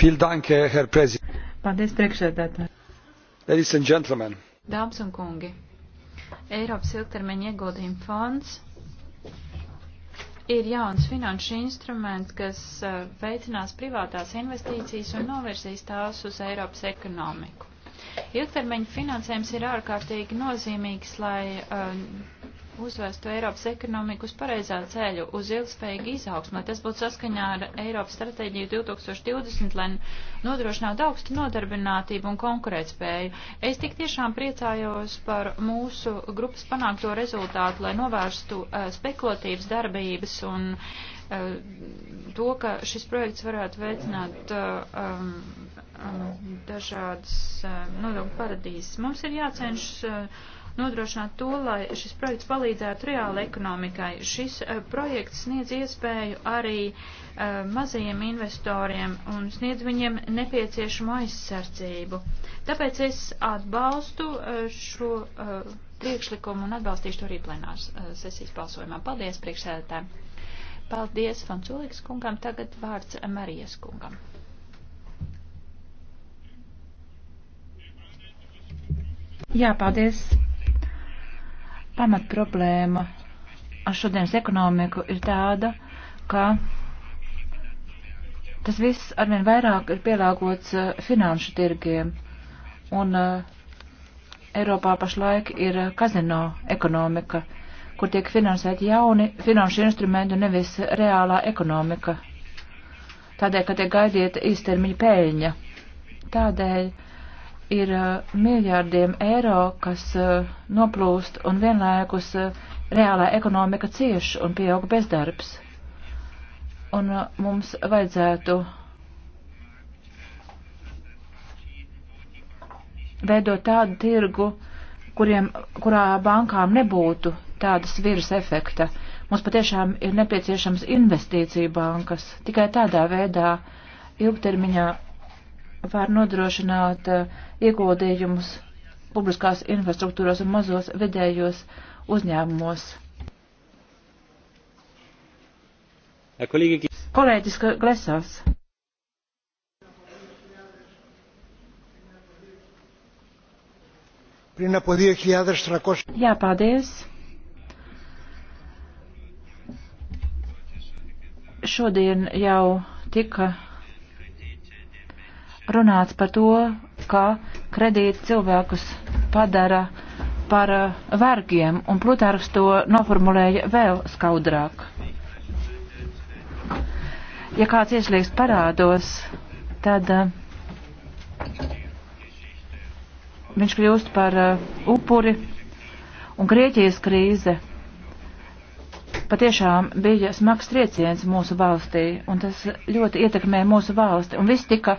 Paldies, priekšsēdētāji. Ladies and gentlemen. Dāmas un kungi, Eiropas ilgtermiņa ieguldījuma fonds ir jauns finanšu instruments, kas uh, veicinās privātās investīcijas un novirzīs tās uz Eiropas ekonomiku. Ilgtermiņa finansējums ir ārkārtīgi nozīmīgs, lai uh, uzvestu Eiropas ekonomiku uz pareizā ceļu, uz ilgspējīgu izaugsmu, lai tas būtu saskaņā ar Eiropas stratēģiju 2020, lai nodrošinātu augstu nodarbinātību un konkurētspēju. Es tik tiešām priecājos par mūsu grupas panākto rezultātu, lai novērstu uh, spekulatīvas darbības un uh, Eh, to, ka šis projekts varētu veicināt eh, um, um, dažādas um, nodokļu paradīzes. Mums ir jācenšas uh, nodrošināt to, lai šis projekts palīdzētu reāli ekonomikai. Šis uh, projekts sniedz iespēju arī uh, mazajiem investoriem un sniedz viņiem nepieciešamo aizsardzību. Tāpēc es atbalstu uh, šo. Uh, priekšlikumu un atbalstīšu to arī plenārs sesijas balsojumā. Paldies, priekšsēdētāji! Paldies Fonsulīgas kungam, tagad vārds Marijas kungam. Jā, paldies. Pamat problēma ar šodienas ekonomiku ir tāda, ka tas viss arvien vairāk ir pielāgots eh, finanšu tirgiem. Un uh, Eiropā pašlaik ir kazino ekonomika. Uh, kur tiek finansēti jauni finanšu instrumenti un nevis reālā ekonomika. Tādēļ, ka tiek gaidiet īstermiņa pēļņa. Tādēļ ir uh, miljārdiem eiro, kas uh, noplūst un vienlaikus uh, reālā ekonomika cieš un pieaug bezdarbs. Un mums vajadzētu veidot tādu tirgu, kuriem, kurā bankām nebūtu tādas vīrusa efekta. Mums patiešām ir nepieciešams investīcija bankas. Tikai tādā veidā ilgtermiņā var nodrošināt eh, ieguldījumus publiskās infrastruktūros un mazos vidējos uzņēmumos. Kolēģis Glesās. Jā, paldies. Šodien jau tika runāts par to, ka kredīti cilvēkus padara par eh, vergiem, un Plutārs to noformulēja vēl skaudrāk. Ja kāds ieslīgs parādos, tad eh, viņš kļūst par eh, upuri, un Grieķijas krīze patiešām bija smags trieciens mūsu valstī, un tas ļoti ietekmē mūsu valsti, un viss tika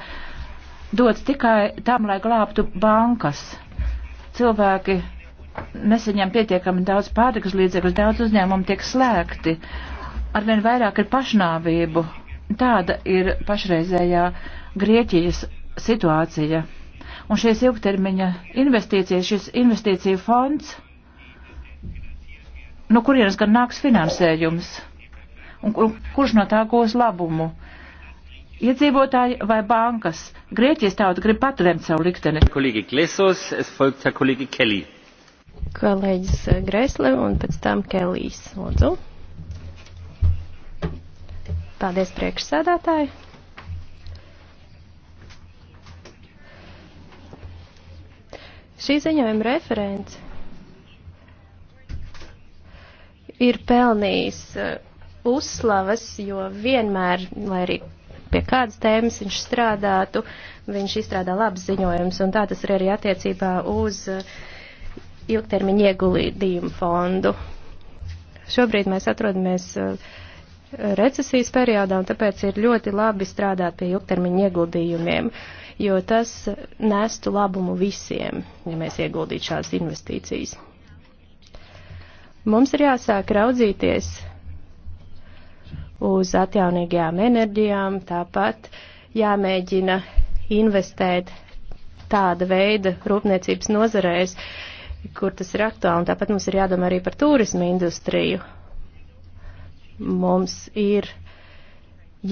dots tikai tam, lai glābtu bankas. Cilvēki nesaņem pietiekami daudz pārtikas līdzekļu, daudz uzņēmumu tiek slēgti, arvien vairāk ir pašnāvību. Tāda ir pašreizējā Grieķijas situācija. Un šīs ilgtermiņa investīcijas, šis investīciju fonds no kurienes gan nāks finansējums un kur, kurš no tā gūs labumu? Iedzīvotāji vai bankas? Grieķijas tauta grib patvērt savu likteni. Kolēģi Glesos, es folgt tā kolēģi Kelly. Kolēģis eh, Gresle un pēc tam Kelijs. Lūdzu. Paldies priekšsēdētāji. Šī ziņojuma referents ir pelnījis uh, uzslavas, jo vienmēr, lai arī pie kādas tēmas viņš strādātu, viņš izstrādā labs ziņojums, un tā tas ir arī attiecībā uz uh, ilgtermiņa ieguldījumu fondu. Šobrīd mēs atrodamies uh, recesijas periodā, un tāpēc ir ļoti labi strādāt pie ilgtermiņa ieguldījumiem, jo tas nestu labumu visiem, ja mēs ieguldītu šādas investīcijas. Mums ir jāsāk raudzīties uz atjaunīgajām enerģijām, tāpat jāmēģina investēt tāda veida rūpniecības nozarēs, kur tas ir aktuāli, un tāpat mums ir jādomā arī par turismu industriju. Mums ir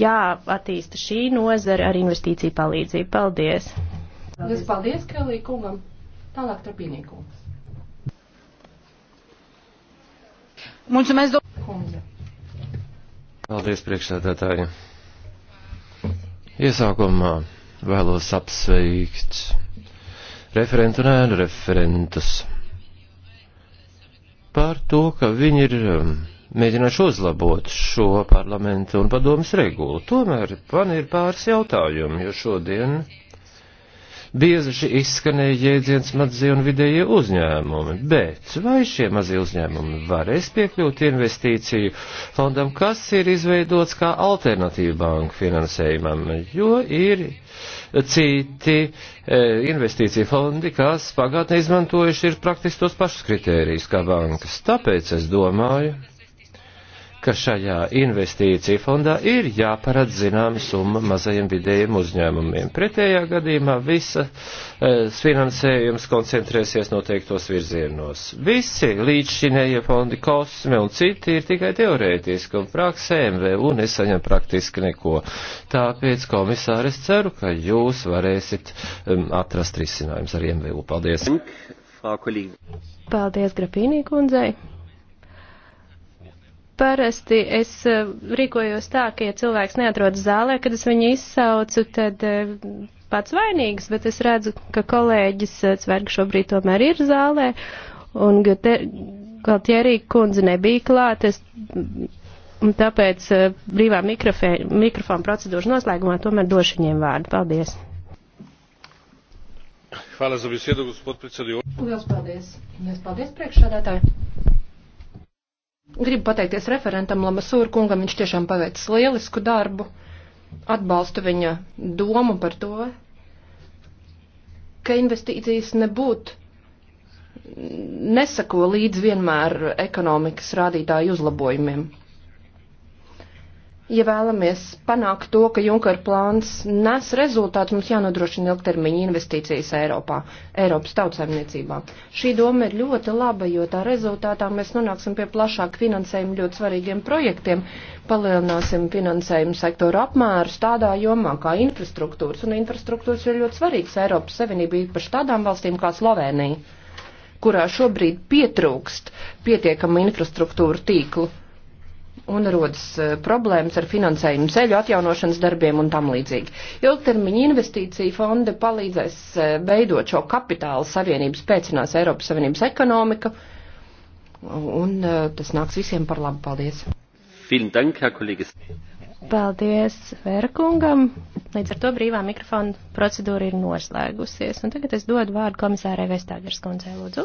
jāattīsta šī nozara ar investīciju palīdzību. Paldies! Paldies, paldies Kelī kungam! Tālāk turpinīkums. Mulțumesc, domnule. Paldies, priekšsēdētāji. Iesākumā vēlos apsveikt referentu un ēnu referentus par to, ka viņi ir um, mēģinājuši uzlabot šo parlamentu un padomas regulu. Tomēr man ir pāris jautājumi, jo šodien bieži izskanēja jēdziens mazie un vidējie uzņēmumi, bet vai šie mazie uzņēmumi varēs piekļūt investīciju fondam, kas ir izveidots kā alternatīva banka finansējumam, jo ir citi e, investīcija fondi, kas pagātnē izmantojuši ir praktiski tos pašus kritērijus kā bankas. Tāpēc es domāju, ka šajā investīcija fondā ir jāparedz zināma summa mazajiem vidējiem uzņēmumiem. Pretējā gadījumā visa e, finansējums koncentrēsies noteiktos virzienos. Visi līdzšinējie fondi kosme un citi ir tikai teorētiski un praksē MVU nesaņem praktiski neko. Tāpēc, komisāris, ceru, ka jūs varēsit um, atrast risinājums ar MVU. Paldies! Paldies, Grapīnī kundzei! Parasti es eh, rīkojos tā, ka, ja cilvēks neatrodas zālē, kad es viņu izsaucu, tad eh, pats vainīgs, bet es redzu, ka kolēģis eh, Cverga šobrīd tomēr ir zālē, un Galtjerī kundze nebija klāt, es, un tāpēc brīvā mikrofona procedūras noslēgumā tomēr došu viņiem vārdu. Paldies! Hvala za besedo, gospod predsedujoči. Paldies, paldies priekšsādātāji. Gribu pateikties referentam Lamasūra kungam, viņš tiešām paveicis lielisku darbu. Atbalstu viņa domu par to, ka investīcijas nebūtu nesako līdz vienmēr ekonomikas rādītāju uzlabojumiem ja vēlamies panākt to, ka Junker plāns nes rezultātu, mums jānodrošina ilgtermiņa investīcijas Eiropā, Eiropas tautsēmniecībā. Šī doma ir ļoti laba, jo tā rezultātā mēs nonāksim pie plašāk finansējuma ļoti svarīgiem projektiem, palielināsim finansējumu sektoru apmērus tādā jomā kā infrastruktūras, un infrastruktūras ir ļoti svarīgs Eiropas Savienība īpaši tādām valstīm kā Slovenija, kurā šobrīd pietrūkst pietiekama infrastruktūra tīklu un rodas e, problēmas ar finansējumu ceļu atjaunošanas darbiem un tam līdzīgi. Ilgtermiņa investīcija fonde palīdzēs e, veidot šo kapitāla savienības, pēcinās Eiropas Savienības ekonomiku, un e, tas nāks visiem par labu. Paldies! Paldies Vērkungam. Līdz ar to brīvā mikrofona procedūra ir noslēgusies. Un tagad es dodu vārdu komisārai Vestāgers kundzei, lūdzu.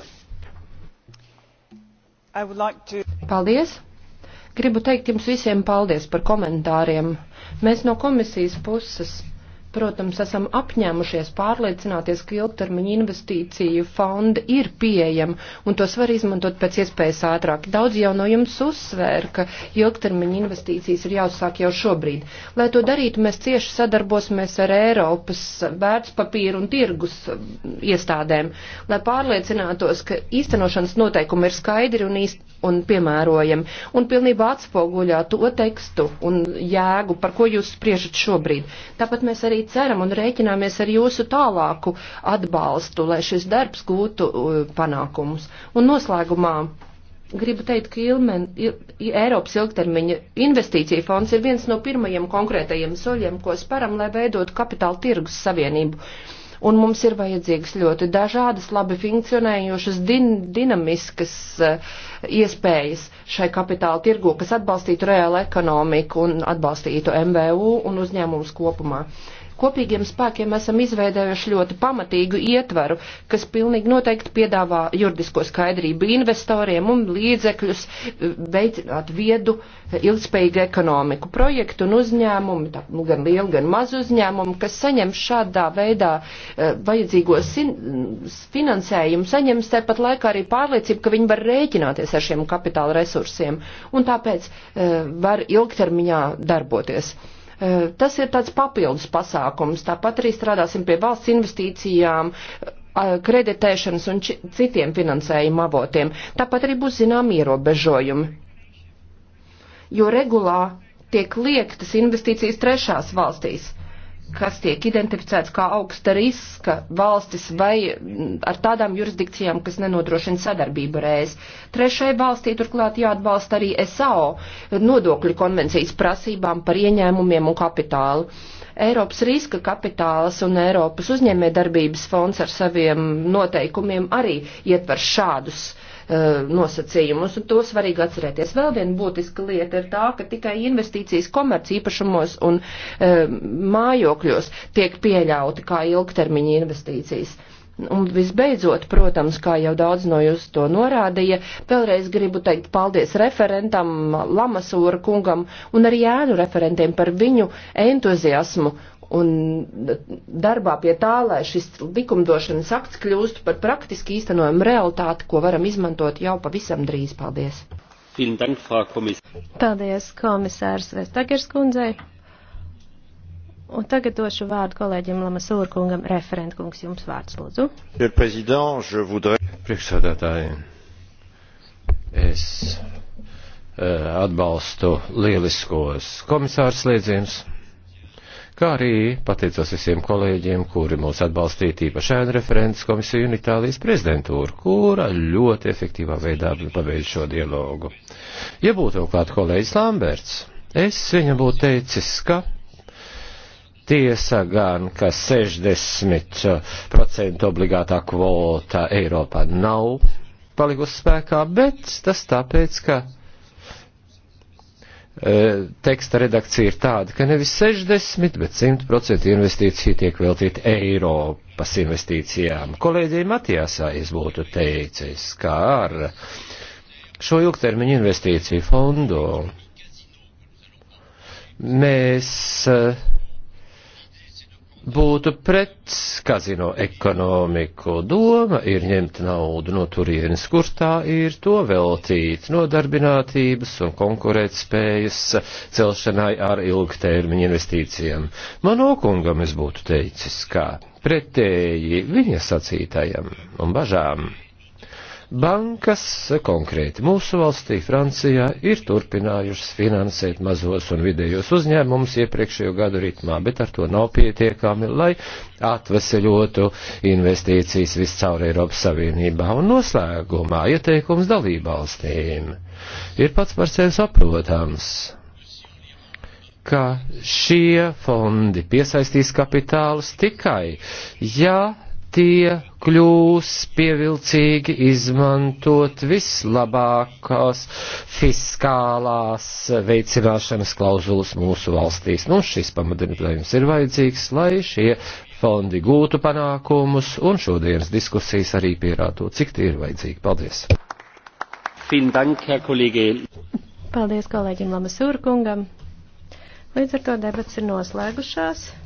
Like to... Paldies! Gribu teikt jums visiem paldies par komentāriem. Mēs no komisijas puses, protams, esam apņēmušies pārliecināties, ka ilgtermiņa investīciju fonda ir pieejama un tos var izmantot pēc iespējas ātrāk. Daudz jau no jums uzsvēra, ka ilgtermiņa investīcijas ir jāuzsāk jau šobrīd. Lai to darītu, mēs cieši sadarbosimies ar Eiropas vērtspapīru un tirgus iestādēm, lai pārliecinātos, ka īstenošanas noteikumi ir skaidri un īsti un piemērojami un pilnībā atspoguļā to tekstu un jēgu, par ko jūs spriežat šobrīd. Tāpat mēs arī ceram un rēķināmies ar jūsu tālāku atbalstu, lai šis darbs gūtu uh, panākumus. Un noslēgumā gribu teikt, ka Ilmen, il, Eiropas ilgtermiņa investīcija fonds ir viens no pirmajiem konkrētajiem soļiem, ko sparam, lai veidot kapitāla tirgus savienību un mums ir vajadzīgas ļoti dažādas, labi funkcionējošas, din, dinamiskas uh, iespējas šai kapitāla tirgu, kas atbalstītu reālu ekonomiku un atbalstītu MVU un uzņēmumus kopumā. Uh, Kopīgiem spēkiem esam izveidējuši ļoti pamatīgu ietvaru, kas pilnīgi noteikti piedāvā juridisko skaidrību investoriem un līdzekļus eh, veicināt viedu, eh, ilgspējīgu ekonomiku. Projektu un uzņēmumu, tā, nu, gan lielu, gan mazu uzņēmumu, kas saņem šādā veidā eh, vajadzīgo finansējumu, saņems tepat laikā arī pārliecību, ka viņi var rēķināties ar šiem kapitāla resursiem un tāpēc var ilgtermiņā darboties. Eh, tas ir tāds papildus pasākums. Tāpat arī strādāsim pie valsts investīcijām, eh, kreditēšanas un citiem finansējuma avotiem. Tāpat arī būs zinām ierobežojumi. Jo regulā tiek liektas investīcijas trešās valstīs kas tiek identificēts kā augsta riska valstis vai ar tādām jurisdikcijām, kas nenodrošina sadarbību reiz. Trešai valstī turklāt jāatbalsta arī SAO nodokļu konvencijas prasībām par ieņēmumiem un kapitālu. Eiropas riska kapitāls un Eiropas uzņēmē darbības fonds ar saviem noteikumiem arī ietver šādus uh, Eh, nosacījumus, un to svarīgi atcerēties. Vēl viena būtiska lieta ir tā, ka tikai investīcijas komerc īpašumos un eh, mājokļos tiek pieļauti kā ilgtermiņa investīcijas. Un visbeidzot, protams, kā jau daudz no jūs to norādīja, vēlreiz gribu teikt paldies referentam Lamasūra kungam un arī ēnu referentiem par viņu entuziasmu un darbā pie tā, lai šis likumdošanas akts kļūst par praktiski īstenojumu realitāti, ko varam izmantot jau pavisam drīz. Paldies! Paldies, komisārs Vestagers kundzei! Un tagad došu vārdu kolēģim Lamasūra kungam, referentkungs, jums vārds lūdzu. Priekšsādātāji, es eh, atbalstu lieliskos komisārs sliedzienus kā arī pateicos visiem kolēģiem, kuri mūs atbalstīja tīpaši ēnu referents komisiju un Itālijas prezidentūru, kura ļoti efektīvā veidā pabeidz šo dialogu. Ja būtu vēl kāds kolēģis Lamberts, es viņam būtu teicis, ka tiesa gan, ka 60% obligātā kvota Eiropā nav palikusi spēkā, bet tas tāpēc, ka Eh, teksta redakcija ir tāda, ka nevis 60, bet 100% investīcija tiek veltīta Eiropas investīcijām. Kolēģiem Matijāsā es būtu teicis, kā ar šo ilgtermiņu investīciju fondu mēs eh, būtu pret kazino ekonomiku. Doma ir ņemt naudu no turienes, kur tā ir, to veltīt nodarbinātības un konkurētspējas celšanai ar ilgtermiņa investīcijām. Man okungam es būtu teicis, kā pretēji viņa sacītajam un bažām Bankas konkrēti mūsu valstī, Francijā, ir turpinājušas finansēt mazos un vidējos uzņēmumus iepriekšējo gadu ritmā, bet ar to nav pietiekami, lai atveseļotu investīcijas viscaur Eiropas Savienībā un noslēgumā ieteikums dalībvalstīm. Ir pats par sevi saprotams ka šie fondi piesaistīs kapitālus tikai, ja tie kļūs pievilcīgi izmantot vislabākās fiskālās veicināšanas klauzulas mūsu valstīs. Nu, šis pamudinājums ir vajadzīgs, lai šie fondi gūtu panākumus, un šodienas diskusijas arī pierāto, cik tie ir vajadzīgi. Paldies! Paldies kolēģim Lamasūrkungam! Līdz ar to debats ir noslēgušās.